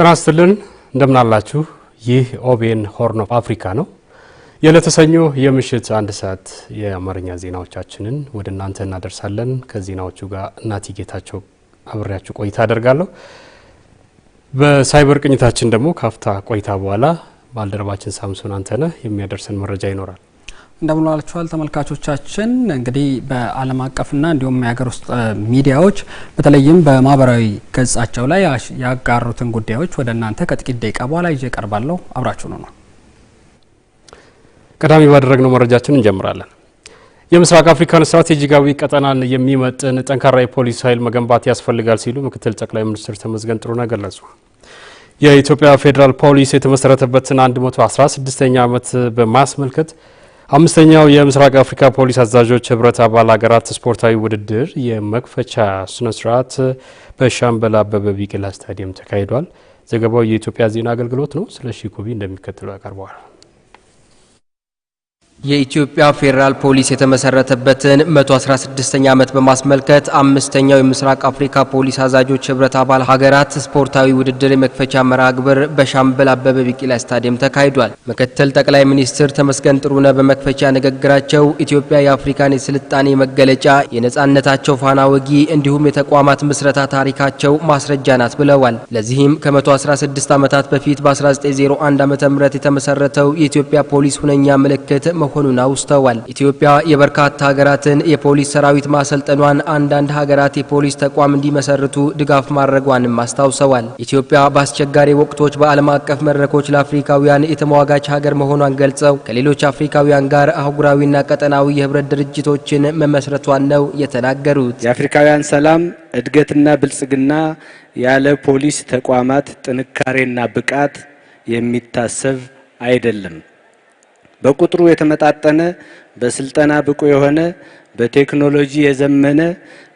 ጤና ይስጥልን እንደምናላችሁ። ይህ ኦቤን ሆርን ኦፍ አፍሪካ ነው። የዕለተ ሰኞ የምሽት አንድ ሰዓት የአማርኛ ዜናዎቻችንን ወደ እናንተ እናደርሳለን። ከዜናዎቹ ጋር እናቲ ጌታቸው አብሬያችሁ ቆይታ አደርጋለሁ። በሳይበር ቅኝታችን ደግሞ ካፍታ ቆይታ በኋላ ባልደረባችን ሳምሶን አንተነህ የሚያደርሰን መረጃ ይኖራል። እንደምንላችኋል ተመልካቾቻችን እንግዲህ በአለም አቀፍና እንዲሁም የሀገር ውስጥ ሚዲያዎች በተለይም በማህበራዊ ገጻቸው ላይ ያጋሩትን ጉዳዮች ወደ እናንተ ከጥቂት ደቂቃ በኋላ ይዤ ቀርባለሁ አብራችሁ ነው ነው ቀዳሚ ባደረግነው መረጃችን እንጀምራለን። የምስራቅ አፍሪካን ስትራቴጂካዊ ቀጠናን የሚመጥን ጠንካራ የፖሊስ ኃይል መገንባት ያስፈልጋል ሲሉ ምክትል ጠቅላይ ሚኒስትር ተመስገን ጥሩነህ ገለጹ። የኢትዮጵያ ፌዴራል ፖሊስ የተመሰረተበትን 116ኛ ዓመት በማስመልከት አምስተኛው የምስራቅ አፍሪካ ፖሊስ አዛዦች ህብረት አባል ሀገራት ስፖርታዊ ውድድር የመክፈቻ ስነስርዓት በሻምበል አበበ ቢቂላ ስታዲየም ተካሂዷል። ዘገባው የኢትዮጵያ ዜና አገልግሎት ነው። ስለሺ ኩቢ እንደሚከተለው ያቀርበዋል። የኢትዮጵያ ፌዴራል ፖሊስ የተመሰረተበትን 116ኛ ዓመት በማስመልከት አምስተኛው የምስራቅ አፍሪካ ፖሊስ አዛዦች ህብረት አባል ሀገራት ስፖርታዊ ውድድር የመክፈቻ መርሃ ግብር በሻምበል አበበ ቢቂላ ስታዲየም ተካሂዷል። ምክትል ጠቅላይ ሚኒስትር ተመስገን ጥሩነህ በመክፈቻ ንግግራቸው ኢትዮጵያ የአፍሪካን የስልጣኔ መገለጫ፣ የነጻነታቸው ፋና ወጊ እንዲሁም የተቋማት ምስረታ ታሪካቸው ማስረጃ ናት ብለዋል። ለዚህም ከ116 ዓመታት በፊት በ1901 ዓ ም የተመሰረተው የኢትዮጵያ ፖሊስ ሁነኛ ምልክት መሆኑን አውስተዋል። ኢትዮጵያ የበርካታ ሀገራትን የፖሊስ ሰራዊት ማሰልጠኗን፣ አንዳንድ ሀገራት የፖሊስ ተቋም እንዲመሰርቱ ድጋፍ ማድረጓንም አስታውሰዋል። ኢትዮጵያ በአስቸጋሪ ወቅቶች በዓለም አቀፍ መድረኮች ለአፍሪካውያን የተሟጋች ሀገር መሆኗን ገልጸው ከሌሎች አፍሪካውያን ጋር አህጉራዊና ቀጠናዊ የህብረት ድርጅቶችን መመስረቷን ነው የተናገሩት። የአፍሪካውያን ሰላም እድገትና ብልጽግና ያለ ፖሊስ ተቋማት ጥንካሬና ብቃት የሚታሰብ አይደለም። በቁጥሩ የተመጣጠነ በስልጠና ብቁ የሆነ በቴክኖሎጂ የዘመነ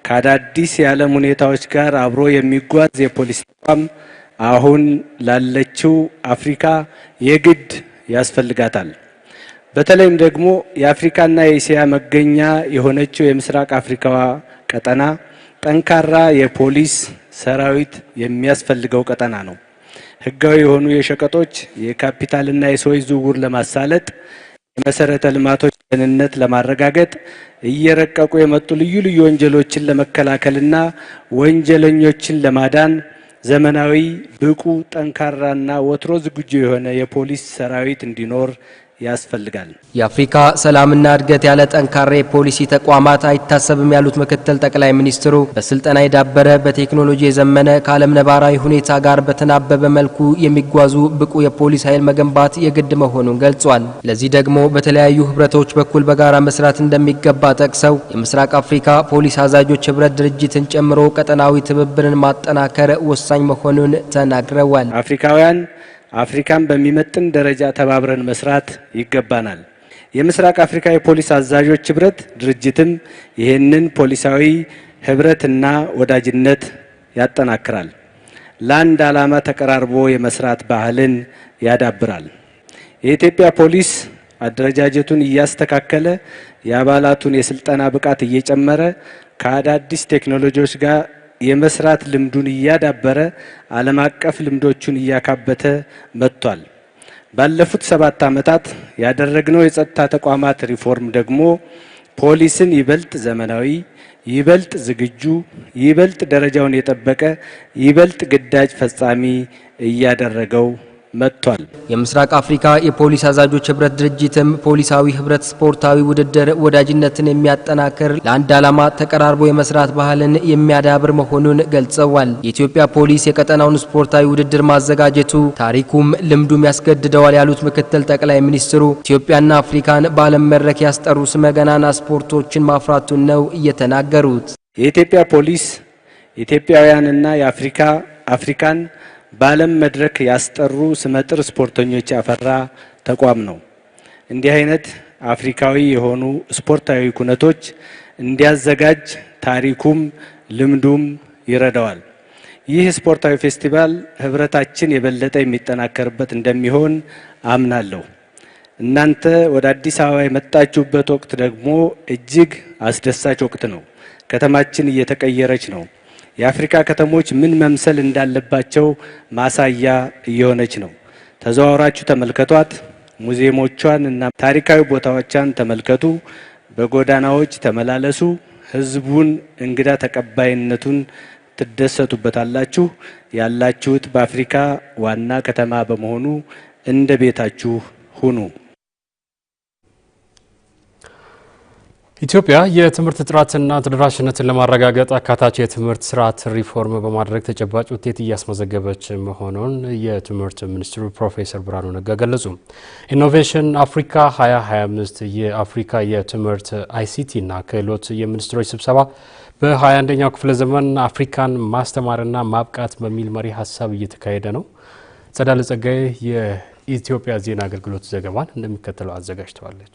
ከአዳዲስ የዓለም ሁኔታዎች ጋር አብሮ የሚጓዝ የፖሊስ ተቋም አሁን ላለችው አፍሪካ የግድ ያስፈልጋታል። በተለይም ደግሞ የአፍሪካና የእስያ መገኛ የሆነችው የምስራቅ አፍሪካዋ ቀጠና ጠንካራ የፖሊስ ሰራዊት የሚያስፈልገው ቀጠና ነው። ህጋዊ የሆኑ የሸቀጦች የካፒታልና የሰዎች ዝውውር ለማሳለጥ የመሰረተ ልማቶች ደህንነት ለማረጋገጥ እየረቀቁ የመጡ ልዩ ልዩ ወንጀሎችን ለመከላከልና ወንጀለኞችን ለማዳን ዘመናዊ፣ ብቁ፣ ጠንካራና ወትሮ ዝግጁ የሆነ የፖሊስ ሰራዊት እንዲኖር ያስፈልጋል። የአፍሪካ ሰላምና እድገት ያለ ጠንካራ የፖሊሲ ተቋማት አይታሰብም ያሉት ምክትል ጠቅላይ ሚኒስትሩ በስልጠና የዳበረ በቴክኖሎጂ የዘመነ ከዓለም ነባራዊ ሁኔታ ጋር በተናበበ መልኩ የሚጓዙ ብቁ የፖሊስ ኃይል መገንባት የግድ መሆኑን ገልጿል። ለዚህ ደግሞ በተለያዩ ህብረቶች በኩል በጋራ መስራት እንደሚገባ ጠቅሰው የምስራቅ አፍሪካ ፖሊስ አዛዦች ህብረት ድርጅትን ጨምሮ ቀጠናዊ ትብብርን ማጠናከር ወሳኝ መሆኑን ተናግረዋል። አፍሪካውያን አፍሪካን በሚመጥን ደረጃ ተባብረን መስራት ይገባናል። የምስራቅ አፍሪካ የፖሊስ አዛዦች ህብረት ድርጅትም ይህንን ፖሊሳዊ ህብረትና ወዳጅነት ያጠናክራል። ለአንድ ዓላማ ተቀራርቦ የመስራት ባህልን ያዳብራል። የኢትዮጵያ ፖሊስ አደረጃጀቱን እያስተካከለ የአባላቱን የስልጠና ብቃት እየጨመረ ከአዳዲስ ቴክኖሎጂዎች ጋር የመስራት ልምዱን እያዳበረ ዓለም አቀፍ ልምዶቹን እያካበተ መጥቷል። ባለፉት ሰባት ዓመታት ያደረግነው የጸጥታ ተቋማት ሪፎርም ደግሞ ፖሊስን ይበልጥ ዘመናዊ፣ ይበልጥ ዝግጁ፣ ይበልጥ ደረጃውን የጠበቀ፣ ይበልጥ ግዳጅ ፈጻሚ እያደረገው መጥቷል። የምስራቅ አፍሪካ የፖሊስ አዛዦች ህብረት ድርጅትም ፖሊሳዊ ህብረት ስፖርታዊ ውድድር ወዳጅነትን የሚያጠናክር ለአንድ ዓላማ ተቀራርቦ የመስራት ባህልን የሚያዳብር መሆኑን ገልጸዋል። የኢትዮጵያ ፖሊስ የቀጠናውን ስፖርታዊ ውድድር ማዘጋጀቱ ታሪኩም ልምዱም ያስገድደዋል ያሉት ምክትል ጠቅላይ ሚኒስትሩ ኢትዮጵያና አፍሪካን በዓለም መድረክ ያስጠሩ ስመገናና ስፖርቶችን ማፍራቱን ነው እየተናገሩት። የኢትዮጵያ ፖሊስ ኢትዮጵያውያንና የአፍሪካ አፍሪካን በዓለም መድረክ ያስጠሩ ስመጥር ስፖርተኞች ያፈራ ተቋም ነው። እንዲህ አይነት አፍሪካዊ የሆኑ ስፖርታዊ ኩነቶች እንዲያዘጋጅ ታሪኩም ልምዱም ይረዳዋል። ይህ ስፖርታዊ ፌስቲቫል ህብረታችን የበለጠ የሚጠናከርበት እንደሚሆን አምናለሁ። እናንተ ወደ አዲስ አበባ የመጣችሁበት ወቅት ደግሞ እጅግ አስደሳች ወቅት ነው። ከተማችን እየተቀየረች ነው። የአፍሪካ ከተሞች ምን መምሰል እንዳለባቸው ማሳያ እየሆነች ነው። ተዘዋውራችሁ ተመልከቷት። ሙዚየሞቿን እና ታሪካዊ ቦታዎቿን ተመልከቱ። በጎዳናዎች ተመላለሱ። ህዝቡን እንግዳ ተቀባይነቱን ትደሰቱበታላችሁ። ያላችሁት በአፍሪካ ዋና ከተማ በመሆኑ እንደ ቤታችሁ ሁኑ። ኢትዮጵያ የትምህርት ጥራትና ተደራሽነትን ለማረጋገጥ አካታች የትምህርት ስርዓት ሪፎርም በማድረግ ተጨባጭ ውጤት እያስመዘገበች መሆኑን የትምህርት ሚኒስትሩ ፕሮፌሰር ብርሃኑ ነጋ ገለጹ። ኢኖቬሽን አፍሪካ 2025 የአፍሪካ የትምህርት አይሲቲና ክህሎት የሚኒስትሮች ስብሰባ በ21ኛው ክፍለ ዘመን አፍሪካን ማስተማርና ማብቃት በሚል መሪ ሀሳብ እየተካሄደ ነው። ጸዳለ ጸጋዬ የኢትዮጵያ ዜና አገልግሎት ዘገባን እንደሚከተለው አዘጋጅተዋለች።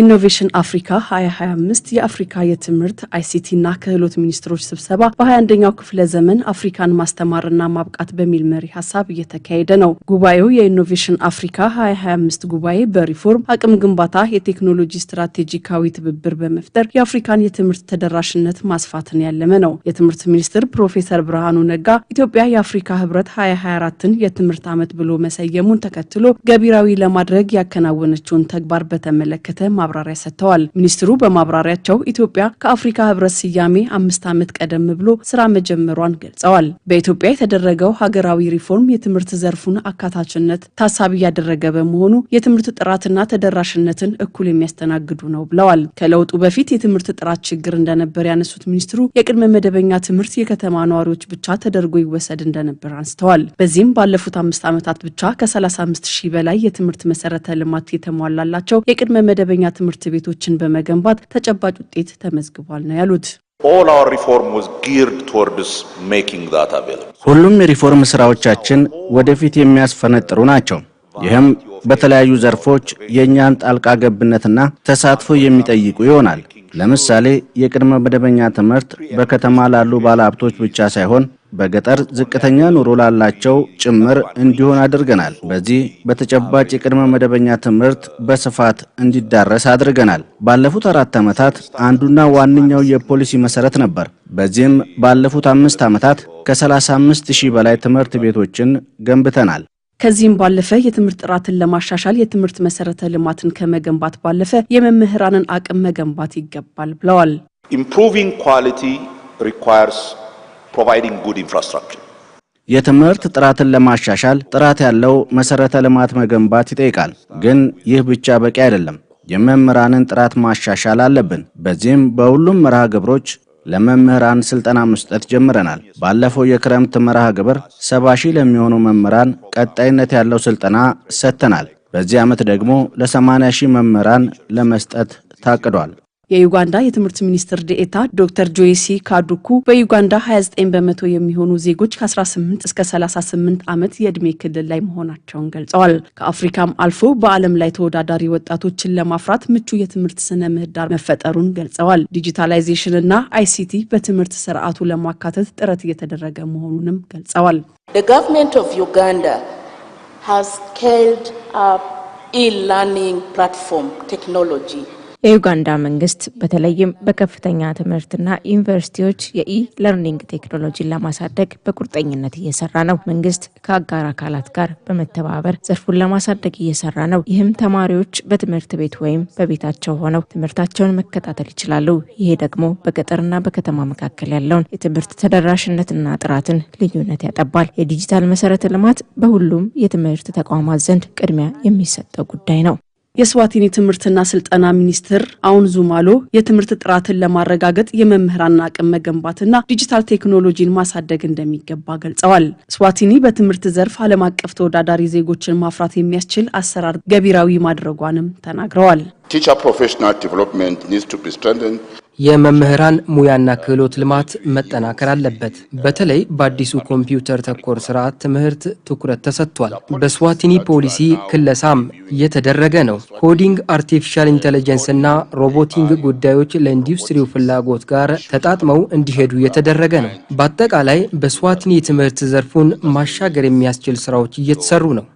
ኢኖቬሽን አፍሪካ 2025 የአፍሪካ የትምህርት አይሲቲና ክህሎት ሚኒስትሮች ስብሰባ በ21ኛው ክፍለ ዘመን አፍሪካን ማስተማርና ማብቃት በሚል መሪ ሀሳብ እየተካሄደ ነው። ጉባኤው የኢኖቬሽን አፍሪካ 2025 ጉባኤ በሪፎርም አቅም ግንባታ፣ የቴክኖሎጂ ስትራቴጂካዊ ትብብር በመፍጠር የአፍሪካን የትምህርት ተደራሽነት ማስፋትን ያለመ ነው። የትምህርት ሚኒስትር ፕሮፌሰር ብርሃኑ ነጋ ኢትዮጵያ የአፍሪካ ህብረት 2024ን የትምህርት ዓመት ብሎ መሰየሙን ተከትሎ ገቢራዊ ለማድረግ ያከናወነችውን ተግባር በተመለከተ ማብራሪያ ሰጥተዋል። ሚኒስትሩ በማብራሪያቸው ኢትዮጵያ ከአፍሪካ ህብረት ስያሜ አምስት ዓመት ቀደም ብሎ ስራ መጀመሯን ገልጸዋል። በኢትዮጵያ የተደረገው ሀገራዊ ሪፎርም የትምህርት ዘርፉን አካታችነት ታሳቢ እያደረገ በመሆኑ የትምህርት ጥራትና ተደራሽነትን እኩል የሚያስተናግዱ ነው ብለዋል። ከለውጡ በፊት የትምህርት ጥራት ችግር እንደነበር ያነሱት ሚኒስትሩ የቅድመ መደበኛ ትምህርት የከተማ ነዋሪዎች ብቻ ተደርጎ ይወሰድ እንደነበር አንስተዋል። በዚህም ባለፉት አምስት ዓመታት ብቻ ከ35 ሺህ በላይ የትምህርት መሰረተ ልማት የተሟላላቸው የቅድመ መደበኛ ከፍተኛ ትምህርት ቤቶችን በመገንባት ተጨባጭ ውጤት ተመዝግቧል ነው ያሉት። ሁሉም የሪፎርም ስራዎቻችን ወደፊት የሚያስፈነጥሩ ናቸው። ይህም በተለያዩ ዘርፎች የእኛን ጣልቃ ገብነትና ተሳትፎ የሚጠይቁ ይሆናል። ለምሳሌ የቅድመ መደበኛ ትምህርት በከተማ ላሉ ባለሀብቶች ብቻ ሳይሆን በገጠር ዝቅተኛ ኑሮ ላላቸው ጭምር እንዲሆን አድርገናል። በዚህ በተጨባጭ የቅድመ መደበኛ ትምህርት በስፋት እንዲዳረስ አድርገናል። ባለፉት አራት ዓመታት አንዱና ዋነኛው የፖሊሲ መሰረት ነበር። በዚህም ባለፉት አምስት ዓመታት ከ35 ሺህ በላይ ትምህርት ቤቶችን ገንብተናል። ከዚህም ባለፈ የትምህርት ጥራትን ለማሻሻል የትምህርት መሰረተ ልማትን ከመገንባት ባለፈ የመምህራንን አቅም መገንባት ይገባል ብለዋል። ኢምፕሩቪንግ ኳሊቲ ሪኳየርስ ፕሮቫይዲንግ ጉድ ኢንፍራስትራክቸር። የትምህርት ጥራትን ለማሻሻል ጥራት ያለው መሰረተ ልማት መገንባት ይጠይቃል። ግን ይህ ብቻ በቂ አይደለም። የመምህራንን ጥራት ማሻሻል አለብን። በዚህም በሁሉም መርሃ ግብሮች ለመምህራን ስልጠና መስጠት ጀምረናል። ባለፈው የክረምት መርሃ ግብር ሰባ ሺህ ለሚሆኑ መምህራን ቀጣይነት ያለው ስልጠና ሰጥተናል። በዚህ ዓመት ደግሞ ለ80 ሺህ መምህራን ለመስጠት ታቅዷል። የዩጋንዳ የትምህርት ሚኒስትር ዴኤታ ዶክተር ጆይሲ ካዱኩ በዩጋንዳ 29 በመቶ የሚሆኑ ዜጎች ከ18 እስከ 38 ዓመት የዕድሜ ክልል ላይ መሆናቸውን ገልጸዋል። ከአፍሪካም አልፎ በዓለም ላይ ተወዳዳሪ ወጣቶችን ለማፍራት ምቹ የትምህርት ስነ ምህዳር መፈጠሩን ገልጸዋል። ዲጂታላይዜሽን እና አይሲቲ በትምህርት ስርዓቱ ለማካተት ጥረት እየተደረገ መሆኑንም ገልጸዋል። ቴክኖሎጂ። የዩጋንዳ መንግስት በተለይም በከፍተኛ ትምህርትና ዩኒቨርሲቲዎች የኢ ለርኒንግ ቴክኖሎጂን ለማሳደግ በቁርጠኝነት እየሰራ ነው። መንግስት ከአጋር አካላት ጋር በመተባበር ዘርፉን ለማሳደግ እየሰራ ነው። ይህም ተማሪዎች በትምህርት ቤት ወይም በቤታቸው ሆነው ትምህርታቸውን መከታተል ይችላሉ። ይሄ ደግሞ በገጠርና በከተማ መካከል ያለውን የትምህርት ተደራሽነትና ጥራትን ልዩነት ያጠባል። የዲጂታል መሰረተ ልማት በሁሉም የትምህርት ተቋማት ዘንድ ቅድሚያ የሚሰጠው ጉዳይ ነው። የስዋቲኒ ትምህርትና ስልጠና ሚኒስትር አሁን ዙማሎ የትምህርት ጥራትን ለማረጋገጥ የመምህራን አቅም መገንባትና ዲጂታል ቴክኖሎጂን ማሳደግ እንደሚገባ ገልጸዋል። ስዋቲኒ በትምህርት ዘርፍ ዓለም አቀፍ ተወዳዳሪ ዜጎችን ማፍራት የሚያስችል አሰራር ገቢራዊ ማድረጓንም ተናግረዋል። የመምህራን ሙያና ክህሎት ልማት መጠናከር አለበት። በተለይ በአዲሱ ኮምፒውተር ተኮር ስርዓት ትምህርት ትኩረት ተሰጥቷል። በስዋቲኒ ፖሊሲ ክለሳም እየተደረገ ነው። ኮዲንግ፣ አርቲፊሻል ኢንቴሊጀንስ እና ሮቦቲንግ ጉዳዮች ለኢንዱስትሪው ፍላጎት ጋር ተጣጥመው እንዲሄዱ እየተደረገ ነው። በአጠቃላይ በስዋቲኒ የትምህርት ዘርፉን ማሻገር የሚያስችል ስራዎች እየተሰሩ ነው።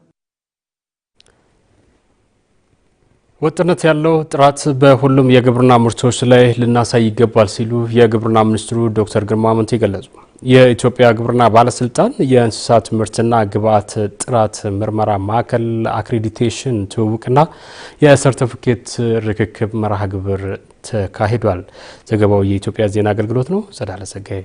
ወጥነት ያለው ጥራት በሁሉም የግብርና ምርቶች ላይ ልናሳይ ይገባል ሲሉ የግብርና ሚኒስትሩ ዶክተር ግርማ አመንቴ ገለጹ። የኢትዮጵያ ግብርና ባለስልጣን የእንስሳት ምርትና ግብአት ጥራት ምርመራ ማዕከል አክሬዲቴሽን ትውውቅና የሰርቲፊኬት ርክክብ መርሃ ግብር ተካሂዷል። ዘገባው የኢትዮጵያ ዜና አገልግሎት ነው። ጸዳለ ጸጋዬ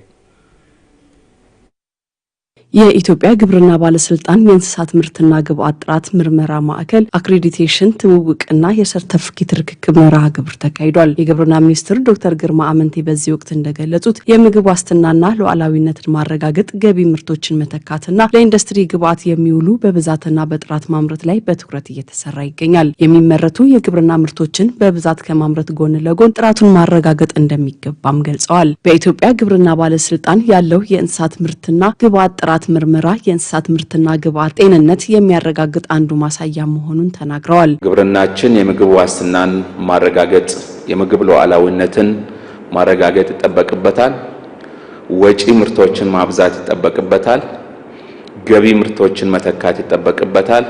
የኢትዮጵያ ግብርና ባለስልጣን የእንስሳት ምርትና ግብአት ጥራት ምርመራ ማዕከል አክሬዲቴሽን ትውውቅና የሰርተፍኬት ርክክብ መርሃ ግብር ተካሂዷል። የግብርና ሚኒስትር ዶክተር ግርማ አመንቴ በዚህ ወቅት እንደገለጹት የምግብ ዋስትናና ሉዓላዊነትን ማረጋገጥ፣ ገቢ ምርቶችን መተካትና ለኢንዱስትሪ ግብአት የሚውሉ በብዛትና በጥራት ማምረት ላይ በትኩረት እየተሰራ ይገኛል። የሚመረቱ የግብርና ምርቶችን በብዛት ከማምረት ጎን ለጎን ጥራቱን ማረጋገጥ እንደሚገባም ገልጸዋል። በኢትዮጵያ ግብርና ባለስልጣን ያለው የእንስሳት ምርትና ግብአት ጥራት የእንስሳት ምርመራ የእንስሳት ምርትና ግብዓት ጤንነት የሚያረጋግጥ አንዱ ማሳያ መሆኑን ተናግረዋል። ግብርናችን የምግብ ዋስትናን ማረጋገጥ፣ የምግብ ሉዓላዊነትን ማረጋገጥ ይጠበቅበታል። ወጪ ምርቶችን ማብዛት ይጠበቅበታል። ገቢ ምርቶችን መተካት ይጠበቅበታል።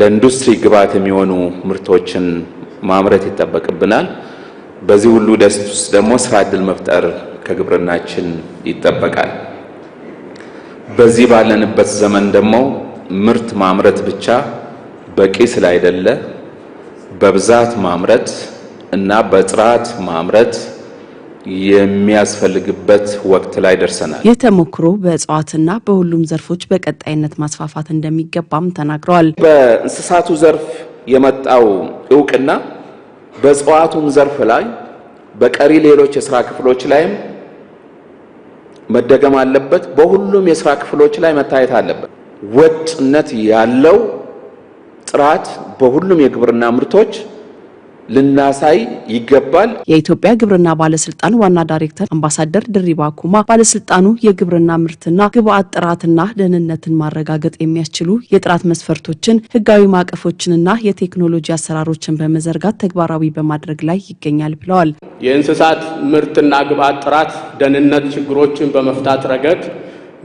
ለኢንዱስትሪ ግብዓት የሚሆኑ ምርቶችን ማምረት ይጠበቅብናል። በዚህ ሁሉ ደስ ውስጥ ደግሞ ስራ እድል መፍጠር ከግብርናችን ይጠበቃል። በዚህ ባለንበት ዘመን ደግሞ ምርት ማምረት ብቻ በቂ ስላይደለ በብዛት ማምረት እና በጥራት ማምረት የሚያስፈልግበት ወቅት ላይ ደርሰናል። ይህ ተሞክሮ በእጽዋትና በሁሉም ዘርፎች በቀጣይነት ማስፋፋት እንደሚገባም ተናግረዋል። በእንስሳቱ ዘርፍ የመጣው እውቅና በእጽዋቱም ዘርፍ ላይ በቀሪ ሌሎች የስራ ክፍሎች ላይም መደገም አለበት። በሁሉም የስራ ክፍሎች ላይ መታየት አለበት። ወጥነት ያለው ጥራት በሁሉም የግብርና ምርቶች ልናሳይ ይገባል። የኢትዮጵያ ግብርና ባለስልጣን ዋና ዳይሬክተር አምባሳደር ድሪባ ኩማ ባለስልጣኑ የግብርና ምርትና ግብአት ጥራትና ደህንነትን ማረጋገጥ የሚያስችሉ የጥራት መስፈርቶችን፣ ህጋዊ ማዕቀፎችንና የቴክኖሎጂ አሰራሮችን በመዘርጋት ተግባራዊ በማድረግ ላይ ይገኛል ብለዋል። የእንስሳት ምርትና ግብአት ጥራት ደህንነት ችግሮችን በመፍታት ረገድ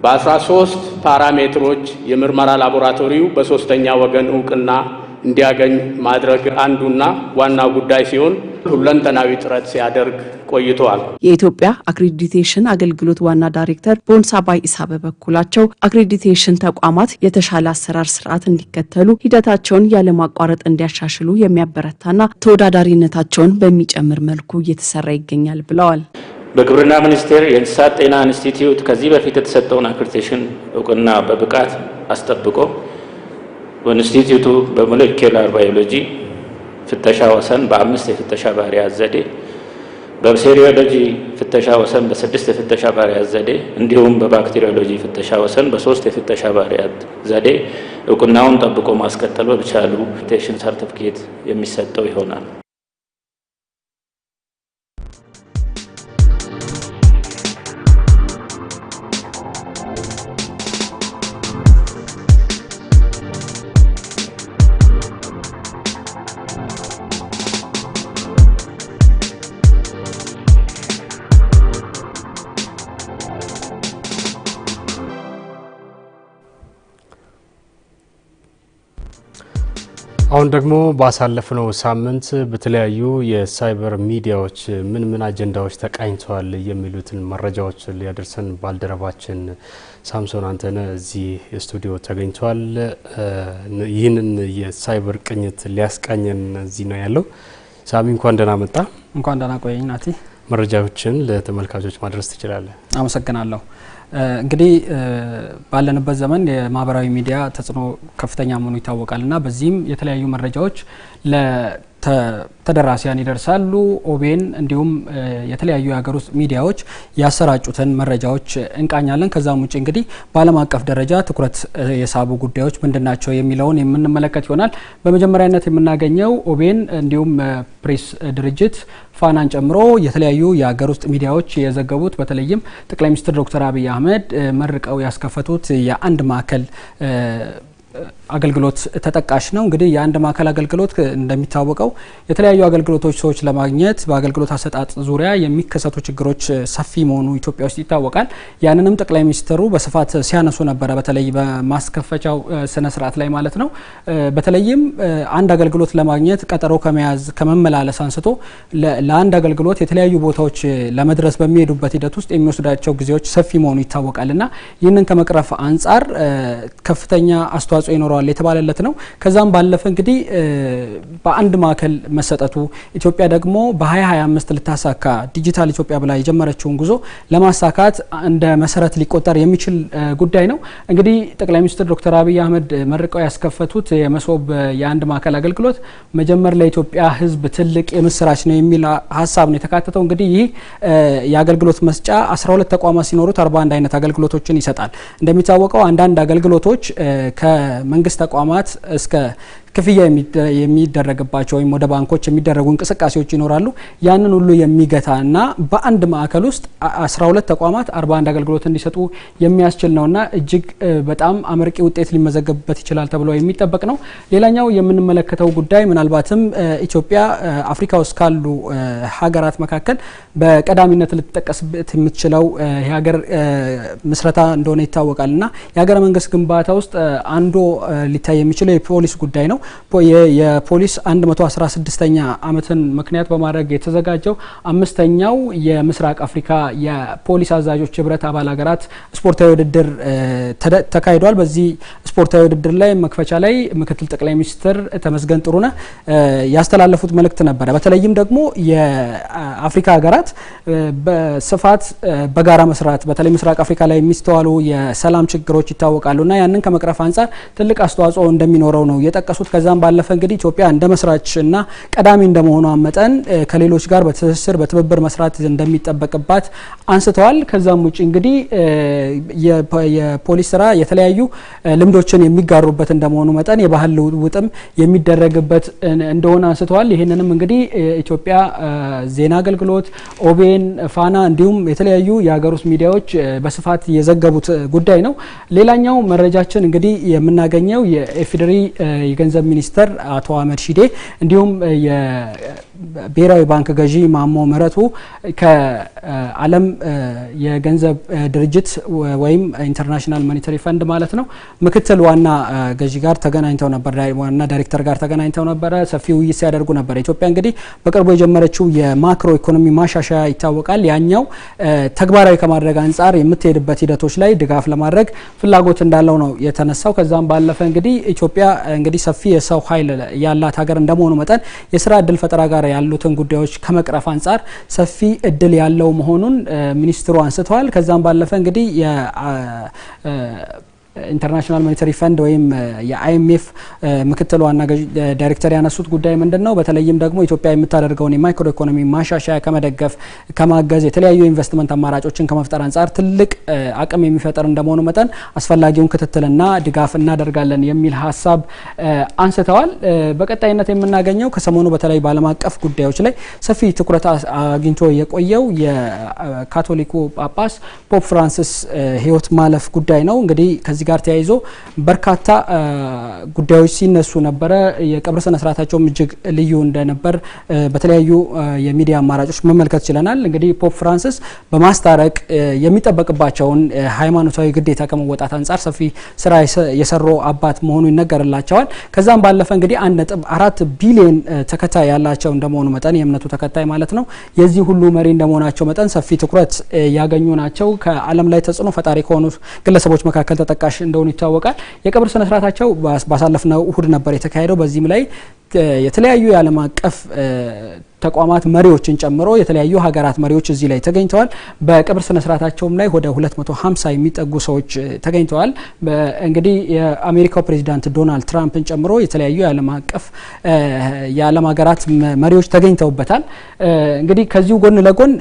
በ13 ፓራሜትሮች የምርመራ ላቦራቶሪው በሶስተኛ ወገን እውቅና እንዲያገኝ ማድረግ አንዱና ዋና ጉዳይ ሲሆን ሁለንተናዊ ጥረት ሲያደርግ ቆይተዋል። የኢትዮጵያ አክሬዲቴሽን አገልግሎት ዋና ዳይሬክተር ቦንሳ ባይ ኢሳ በበኩላቸው አክሬዲቴሽን ተቋማት የተሻለ አሰራር ስርዓት እንዲከተሉ ሂደታቸውን ያለማቋረጥ እንዲያሻሽሉ የሚያበረታና ተወዳዳሪነታቸውን በሚጨምር መልኩ እየተሰራ ይገኛል ብለዋል። በግብርና ሚኒስቴር የእንስሳት ጤና ኢንስቲትዩት ከዚህ በፊት የተሰጠውን አክሬዲቴሽን እውቅና በብቃት አስጠብቆ በኢንስቲትዩቱ በሞለኪላር ባዮሎጂ ፍተሻ ወሰን በአምስት የፍተሻ ባህሪያት ዘዴ በሴሪዮሎጂ ፍተሻ ወሰን በስድስት የፍተሻ ባህሪያት ዘዴ እንዲሁም በባክቴሪዮሎጂ ፍተሻ ወሰን በሶስት የፍተሻ ባህሪያት ዘዴ እውቅናውን ጠብቆ ማስቀጠል በብቻሉ ቴሽን ሰርቲፊኬት የሚሰጠው ይሆናል። አሁን ደግሞ ባሳለፍነው ሳምንት በተለያዩ የሳይበር ሚዲያዎች ምን ምን አጀንዳዎች ተቃኝተዋል የሚሉትን መረጃዎች ሊያደርሰን ባልደረባችን ሳምሶን አንተነ እዚህ ስቱዲዮ ተገኝቷል። ይህንን የሳይበር ቅኝት ሊያስቃኘን እዚህ ነው ያለው። ሳሚ እንኳን ደህና መጣ። እንኳን ደህና ቆየኝ ናቲ። መረጃዎችን ለተመልካቾች ማድረስ ትችላለን። አመሰግናለሁ። እንግዲህ ባለንበት ዘመን የማህበራዊ ሚዲያ ተጽዕኖ ከፍተኛ መሆኑ ይታወቃል እና በዚህም የተለያዩ መረጃዎች ተደራሲያን ይደርሳሉ። ኦቤን እንዲሁም የተለያዩ የሀገር ውስጥ ሚዲያዎች ያሰራጩትን መረጃዎች እንቃኛለን። ከዛም ውጭ እንግዲህ በዓለም አቀፍ ደረጃ ትኩረት የሳቡ ጉዳዮች ምንድናቸው የሚለውን የምንመለከት ይሆናል። በመጀመሪያነት የምናገኘው ኦቤን እንዲሁም ፕሬስ ድርጅት ፋናን ጨምሮ የተለያዩ የሀገር ውስጥ ሚዲያዎች የዘገቡት በተለይም ጠቅላይ ሚኒስትር ዶክተር አብይ አህመድ መርቀው ያስከፈቱት የአንድ ማዕከል አገልግሎት ተጠቃሽ ነው። እንግዲህ የአንድ ማዕከል አገልግሎት እንደሚታወቀው የተለያዩ አገልግሎቶች ሰዎች ለማግኘት በአገልግሎት አሰጣጥ ዙሪያ የሚከሰቱ ችግሮች ሰፊ መሆኑ ኢትዮጵያ ውስጥ ይታወቃል። ያንንም ጠቅላይ ሚኒስትሩ በስፋት ሲያነሱ ነበረ፣ በተለይ በማስከፈቻው ስነ ስርዓት ላይ ማለት ነው። በተለይም አንድ አገልግሎት ለማግኘት ቀጠሮ ከመያዝ ከመመላለስ አንስቶ ለአንድ አገልግሎት የተለያዩ ቦታዎች ለመድረስ በሚሄዱበት ሂደት ውስጥ የሚወስዳቸው ጊዜዎች ሰፊ መሆኑ ይታወቃል እና ይህንን ከመቅረፍ አንጻር ከፍተኛ አስተዋጽኦ ይኖረ ይኖረዋል የተባለለት ነው። ከዛም ባለፈ እንግዲህ በአንድ ማዕከል መሰጠቱ ኢትዮጵያ ደግሞ በ2025 ልታሳካ ዲጂታል ኢትዮጵያ ብላ የጀመረችውን ጉዞ ለማሳካት እንደ መሰረት ሊቆጠር የሚችል ጉዳይ ነው። እንግዲህ ጠቅላይ ሚኒስትር ዶክተር አብይ አህመድ መርቀው ያስከፈቱት የመሶብ የአንድ ማዕከል አገልግሎት መጀመር ለኢትዮጵያ ሕዝብ ትልቅ የምስራች ነው የሚል ሀሳብ ነው የተካተተው። እንግዲህ ይህ የአገልግሎት መስጫ 12 ተቋማት ሲኖሩት 41 አይነት አገልግሎቶችን ይሰጣል። እንደሚታወቀው አንዳንድ አገልግሎቶች የመንግስት ተቋማት እስከ ክፍያ የሚደረግባቸው ወይም ወደ ባንኮች የሚደረጉ እንቅስቃሴዎች ይኖራሉ። ያንን ሁሉ የሚገታ እና በአንድ ማዕከል ውስጥ 12 ተቋማት 41 አገልግሎት እንዲሰጡ የሚያስችል ነው እና እጅግ በጣም አመርቂ ውጤት ሊመዘገብበት ይችላል ተብሎ የሚጠበቅ ነው። ሌላኛው የምንመለከተው ጉዳይ ምናልባትም ኢትዮጵያ አፍሪካ ውስጥ ካሉ ሀገራት መካከል በቀዳሚነት ልትጠቀስበት የምትችለው የሀገር ምስረታ እንደሆነ ይታወቃል እና የሀገረ መንግስት ግንባታ ውስጥ አንዱ ሊታይ የሚችለው የፖሊስ ጉዳይ ነው። የፖሊስ 116ኛ ዓመትን ምክንያት በማድረግ የተዘጋጀው አምስተኛው የምስራቅ አፍሪካ የፖሊስ አዛዦች ህብረት አባል ሀገራት ስፖርታዊ ውድድር ተካሂዷል። በዚህ ስፖርታዊ ውድድር ላይ መክፈቻ ላይ ምክትል ጠቅላይ ሚኒስትር ተመስገን ጥሩነህ ያስተላለፉት መልእክት ነበረ። በተለይም ደግሞ የአፍሪካ ሀገራት በስፋት በጋራ መስራት በተለይ ምስራቅ አፍሪካ ላይ የሚስተዋሉ የሰላም ችግሮች ይታወቃሉ እና ያንን ከመቅረፍ አንጻር ትልቅ አስተዋጽኦ እንደሚኖረው ነው የጠቀሱት። ከዛም ባለፈ እንግዲህ ኢትዮጵያ እንደ መስራች እና ቀዳሚ እንደመሆኗ መጠን ከሌሎች ጋር በትስስር በትብብር መስራት እንደሚጠበቅባት አንስተዋል። ከዛም ውጭ እንግዲህ የፖሊስ ስራ የተለያዩ ልምዶችን የሚጋሩበት እንደመሆኑ መጠን የባህል ልውውጥም የሚደረግበት እንደሆነ አንስተዋል። ይህንንም እንግዲህ ኢትዮጵያ ዜና አገልግሎት፣ ኦቤን፣ ፋና እንዲሁም የተለያዩ የሀገር ውስጥ ሚዲያዎች በስፋት የዘገቡት ጉዳይ ነው። ሌላኛው መረጃችን እንግዲህ የምናገኘው የኢፌዴሪ የገንዘብ ሚኒስተር አቶ አህመድ ሺዴ እንዲሁም ብሔራዊ ባንክ ገዢ ማሞ ምህረቱ ከዓለም የገንዘብ ድርጅት ወይም ኢንተርናሽናል ሞኔተሪ ፈንድ ማለት ነው ምክትል ዋና ገዢ ጋር ተገናኝተው ነበር፣ ዋና ዳይሬክተር ጋር ተገናኝተው ነበረ። ሰፊ ውይይት ሲያደርጉ ነበር። ኢትዮጵያ እንግዲህ በቅርቡ የጀመረችው የማክሮ ኢኮኖሚ ማሻሻያ ይታወቃል። ያኛው ተግባራዊ ከማድረግ አንጻር የምትሄድበት ሂደቶች ላይ ድጋፍ ለማድረግ ፍላጎት እንዳለው ነው የተነሳው። ከዛም ባለፈ እንግዲህ ኢትዮጵያ እንግዲህ ሰፊ የሰው ኃይል ያላት ሀገር እንደመሆኑ መጠን የስራ እድል ፈጠራ ጋር ያሉትን ጉዳዮች ከመቅረፍ አንጻር ሰፊ እድል ያለው መሆኑን ሚኒስትሩ አንስተዋል። ከዛም ባለፈ እንግዲህ ኢንተርናሽናል ሞኔተሪ ፈንድ ወይም የአይኤምኤፍ ምክትል ዋና ዳይሬክተር ያነሱት ጉዳይ ምንድን ነው? በተለይም ደግሞ ኢትዮጵያ የምታደርገውን የማይክሮ ኢኮኖሚ ማሻሻያ ከመደገፍ ከማገዝ፣ የተለያዩ ኢንቨስትመንት አማራጮችን ከመፍጠር አንጻር ትልቅ አቅም የሚፈጥር እንደመሆኑ መጠን አስፈላጊውን ክትትልና ድጋፍ እናደርጋለን የሚል ሀሳብ አንስተዋል። በቀጣይነት የምናገኘው ከሰሞኑ በተለይ በዓለም አቀፍ ጉዳዮች ላይ ሰፊ ትኩረት አግኝቶ የቆየው የካቶሊኩ ጳጳስ ፖፕ ፍራንሲስ ሕይወት ማለፍ ጉዳይ ነው እንግዲህ ከዚህ ጋር ተያይዞ በርካታ ጉዳዮች ሲነሱ ነበረ። የቀብር ስነ ስርዓታቸውም እጅግ ልዩ እንደነበር በተለያዩ የሚዲያ አማራጮች መመልከት ችለናል። እንግዲህ ፖፕ ፍራንሲስ በማስታረቅ የሚጠበቅባቸውን ሃይማኖታዊ ግዴታ ከመወጣት አንጻር ሰፊ ስራ የሰሩ አባት መሆኑ ይነገርላቸዋል። ከዛም ባለፈ እንግዲህ አንድ ነጥብ አራት ቢሊዮን ተከታይ ያላቸው እንደመሆኑ መጠን የእምነቱ ተከታይ ማለት ነው የዚህ ሁሉ መሪ እንደመሆናቸው መጠን ሰፊ ትኩረት ያገኙ ናቸው። ከዓለም ላይ ተጽዕኖ ፈጣሪ ከሆኑ ግለሰቦች መካከል ተጠቃሽ ተጠቃሽ እንደሆኑ ይታወቃል። የቀብር ስነስርዓታቸው ባሳለፍነው እሁድ ነበር የተካሄደው። በዚህም ላይ የተለያዩ የዓለም አቀፍ ተቋማት መሪዎችን ጨምሮ የተለያዩ ሀገራት መሪዎች እዚህ ላይ ተገኝተዋል። በቅብር ስነ ስርዓታቸውም ላይ ወደ 250 የሚጠጉ ሰዎች ተገኝተዋል። እንግዲህ የአሜሪካው ፕሬዚዳንት ዶናልድ ትራምፕን ጨምሮ የተለያዩ የዓለም አቀፍ የዓለም ሀገራት መሪዎች ተገኝተውበታል። እንግዲህ ከዚሁ ጎን ለጎን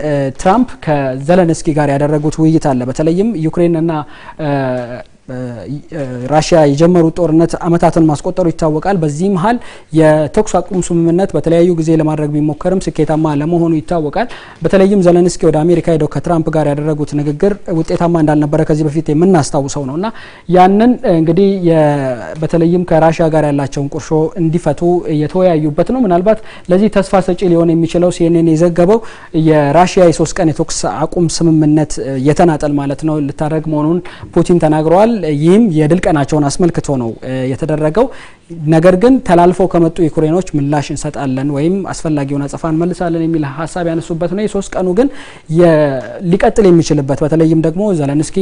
ትራምፕ ከዘለንስኪ ጋር ያደረጉት ውይይት አለ። በተለይም ዩክሬንና ራሽያ የጀመሩ ጦርነት አመታትን ማስቆጠሩ ይታወቃል። በዚህ መሀል የተኩስ አቁም ስምምነት በተለያዩ ጊዜ ለማድረግ ቢሞከርም ስኬታማ ለመሆኑ ይታወቃል። በተለይም ዘለንስኪ ወደ አሜሪካ ሄደው ከትራምፕ ጋር ያደረጉት ንግግር ውጤታማ እንዳልነበረ ከዚህ በፊት የምናስታውሰው ነው እና ያንን እንግዲህ በተለይም ከራሽያ ጋር ያላቸውን ቁርሾ እንዲፈቱ የተወያዩበት ነው። ምናልባት ለዚህ ተስፋ ሰጪ ሊሆን የሚችለው ሲኤንኤን የዘገበው የራሽያ የሶስት ቀን የተኩስ አቁም ስምምነት የተናጠል ማለት ነው ልታደርግ መሆኑን ፑቲን ተናግረዋል። ይባላል። ይህም የድል ቀናቸውን አስመልክቶ ነው የተደረገው። ነገር ግን ተላልፈው ከመጡ ዩክሬኖች ምላሽ እንሰጣለን ወይም አስፈላጊውን አጸፋ እንመልሳለን የሚል ሀሳብ ያነሱበት ነው። የሶስት ቀኑ ግን ሊቀጥል የሚችልበት በተለይም ደግሞ ዘለንስኪ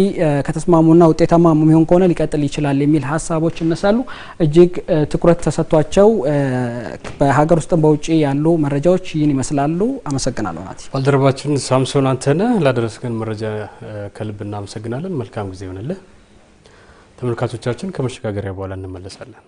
ከተስማሙና ውጤታማ የሚሆን ከሆነ ሊቀጥል ይችላል የሚል ሀሳቦች ይነሳሉ። እጅግ ትኩረት ተሰጥቷቸው በሀገር ውስጥም በውጭ ያሉ መረጃዎች ይህን ይመስላሉ። አመሰግናለሁ። ናት ባልደረባችን ሳምሶን አንተነህ ላደረስከን መረጃ ከልብ እናመሰግናለን። መልካም ጊዜ ይሆንልህ። ተመልካቾቻችን ከመሸጋገሪያ በኋላ እንመለሳለን።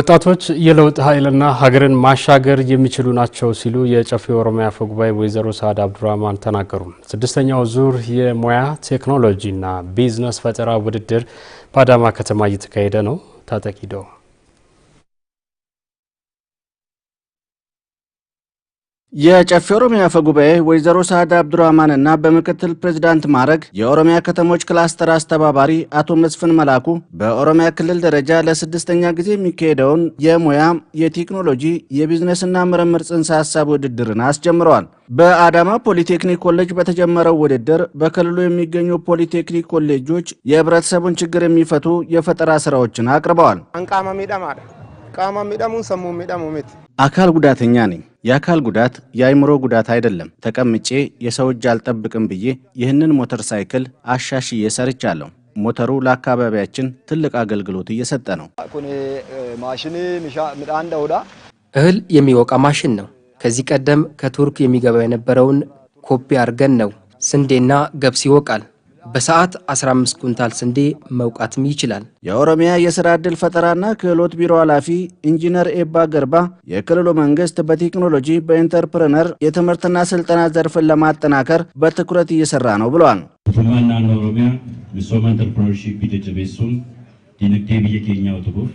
ወጣቶች የለውጥ ኃይልና ሀገርን ማሻገር የሚችሉ ናቸው ሲሉ የጨፌ ኦሮሚያ አፈ ጉባኤ ወይዘሮ ሳዕድ አብዱራህማን ተናገሩ። ስድስተኛው ዙር የሙያ ቴክኖሎጂና ቢዝነስ ፈጠራ ውድድር በአዳማ ከተማ እየተካሄደ ነው። ታጠቂደው የጨፌ ኦሮሚያ አፈ ጉባኤ ወይዘሮ ሳዕድ አብዱራህማን እና በምክትል ፕሬዚዳንት ማዕረግ የኦሮሚያ ከተሞች ክላስተር አስተባባሪ አቶ መስፍን መላኩ በኦሮሚያ ክልል ደረጃ ለስድስተኛ ጊዜ የሚካሄደውን የሙያ የቴክኖሎጂ የቢዝነስና ምርምር ጽንሰ ሀሳብ ውድድርን አስጀምረዋል። በአዳማ ፖሊቴክኒክ ኮሌጅ በተጀመረው ውድድር በክልሉ የሚገኙ ፖሊቴክኒክ ኮሌጆች የህብረተሰቡን ችግር የሚፈቱ የፈጠራ ስራዎችን አቅርበዋል። አንቃማ ሚዳማ ቃማ ሚዳሙን ሰሙ ሚዳሙ አካል ጉዳተኛ ነኝ። የአካል ጉዳት የአይምሮ ጉዳት አይደለም። ተቀምጬ የሰው እጅ አልጠብቅም ብዬ ይህንን ሞተር ሳይክል አሻሽዬ ሰርቻለሁ። ሞተሩ ለአካባቢያችን ትልቅ አገልግሎት እየሰጠ ነው። እህል የሚወቃ ማሽን ነው። ከዚህ ቀደም ከቱርክ የሚገባ የነበረውን ኮፒ አድርገን ነው ስንዴና ገብስ ይወቃል። በሰዓት 15 ኩንታል ስንዴ መውቃትም ይችላል። የኦሮሚያ የስራ ዕድል ፈጠራና ክህሎት ቢሮ ኃላፊ ኢንጂነር ኤባ ገርባ የክልሉ መንግስት በቴክኖሎጂ በኢንተርፕረነር የትምህርትና ስልጠና ዘርፍን ለማጠናከር በትኩረት እየሰራ ነው ብለዋል። ኦሮሚያ ሚሶማ ኢንተርፕረነርሺፕ ዲንግዴ ብየ ኬኛ ቱቡፍ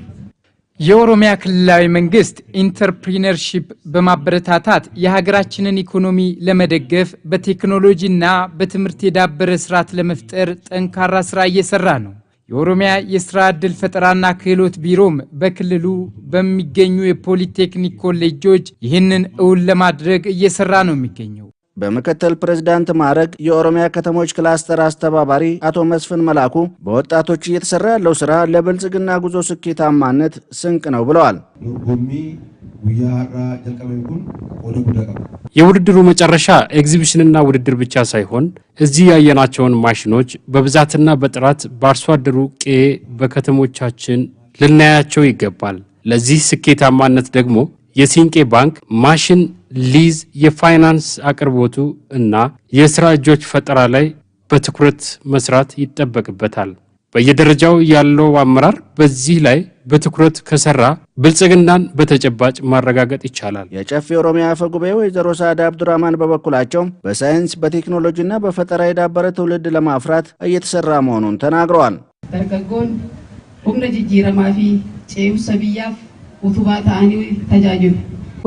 የኦሮሚያ ክልላዊ መንግስት ኢንተርፕሪነርሺፕ በማበረታታት የሀገራችንን ኢኮኖሚ ለመደገፍ በቴክኖሎጂና በትምህርት የዳበረ ስርዓት ለመፍጠር ጠንካራ ስራ እየሰራ ነው። የኦሮሚያ የስራ ዕድል ፈጠራና ክህሎት ቢሮም በክልሉ በሚገኙ የፖሊቴክኒክ ኮሌጆች ይህንን እውን ለማድረግ እየሰራ ነው የሚገኘው። በምክትል ፕሬዝዳንት ማዕረግ የኦሮሚያ ከተሞች ክላስተር አስተባባሪ አቶ መስፍን መላኩ በወጣቶች እየተሰራ ያለው ስራ ለብልጽግና ጉዞ ስኬታማነት ስንቅ ነው ብለዋል። የውድድሩ መጨረሻ ኤግዚቢሽንና ውድድር ብቻ ሳይሆን እዚህ ያየናቸውን ማሽኖች በብዛትና በጥራት በአርሶ አደሩ ቄ በከተሞቻችን ልናያቸው ይገባል። ለዚህ ስኬታማነት ደግሞ የሲንቄ ባንክ ማሽን ሊዝ፣ የፋይናንስ አቅርቦቱ እና የስራ እጆች ፈጠራ ላይ በትኩረት መስራት ይጠበቅበታል። በየደረጃው ያለው አመራር በዚህ ላይ በትኩረት ከሰራ ብልጽግናን በተጨባጭ ማረጋገጥ ይቻላል። የጨፍ የኦሮሚያ አፈ ጉባኤ ወይዘሮ ሳዕዳ አብዱራማን በበኩላቸው በሳይንስ በቴክኖሎጂና በፈጠራ የዳበረ ትውልድ ለማፍራት እየተሰራ መሆኑን ተናግረዋል። ደርገጎን ሁምነ ጅጅረማፊ ጭምሰ ብያፍ ተአኒ ተጃጅሉ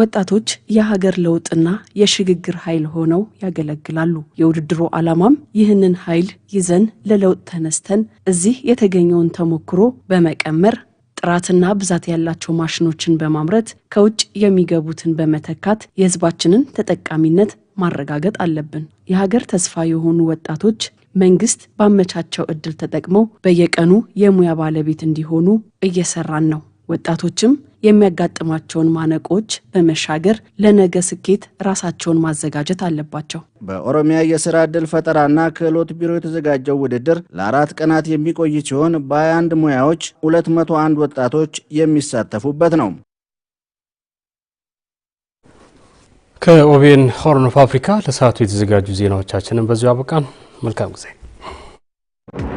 ወጣቶች የሀገር ለውጥና የሽግግር ኃይል ሆነው ያገለግላሉ። የውድድሩ ዓላማም ይህንን ኃይል ይዘን ለለውጥ ተነስተን እዚህ የተገኘውን ተሞክሮ በመቀመር ጥራትና ብዛት ያላቸው ማሽኖችን በማምረት ከውጭ የሚገቡትን በመተካት የሕዝባችንን ተጠቃሚነት ማረጋገጥ አለብን። የሀገር ተስፋ የሆኑ ወጣቶች መንግስት ባመቻቸው እድል ተጠቅመው በየቀኑ የሙያ ባለቤት እንዲሆኑ እየሰራን ነው። ወጣቶችም የሚያጋጥማቸውን ማነቆች በመሻገር ለነገ ስኬት ራሳቸውን ማዘጋጀት አለባቸው። በኦሮሚያ የስራ ዕድል ፈጠራና ክህሎት ቢሮ የተዘጋጀው ውድድር ለአራት ቀናት የሚቆይ ሲሆን በ21 ሙያዎች 201 ወጣቶች የሚሳተፉበት ነው። ከኦቤን ሆርን ኦፍ አፍሪካ ለሰዓቱ የተዘጋጁ ዜናዎቻችንን በዚሁ አበቃን። መልካም ጊዜ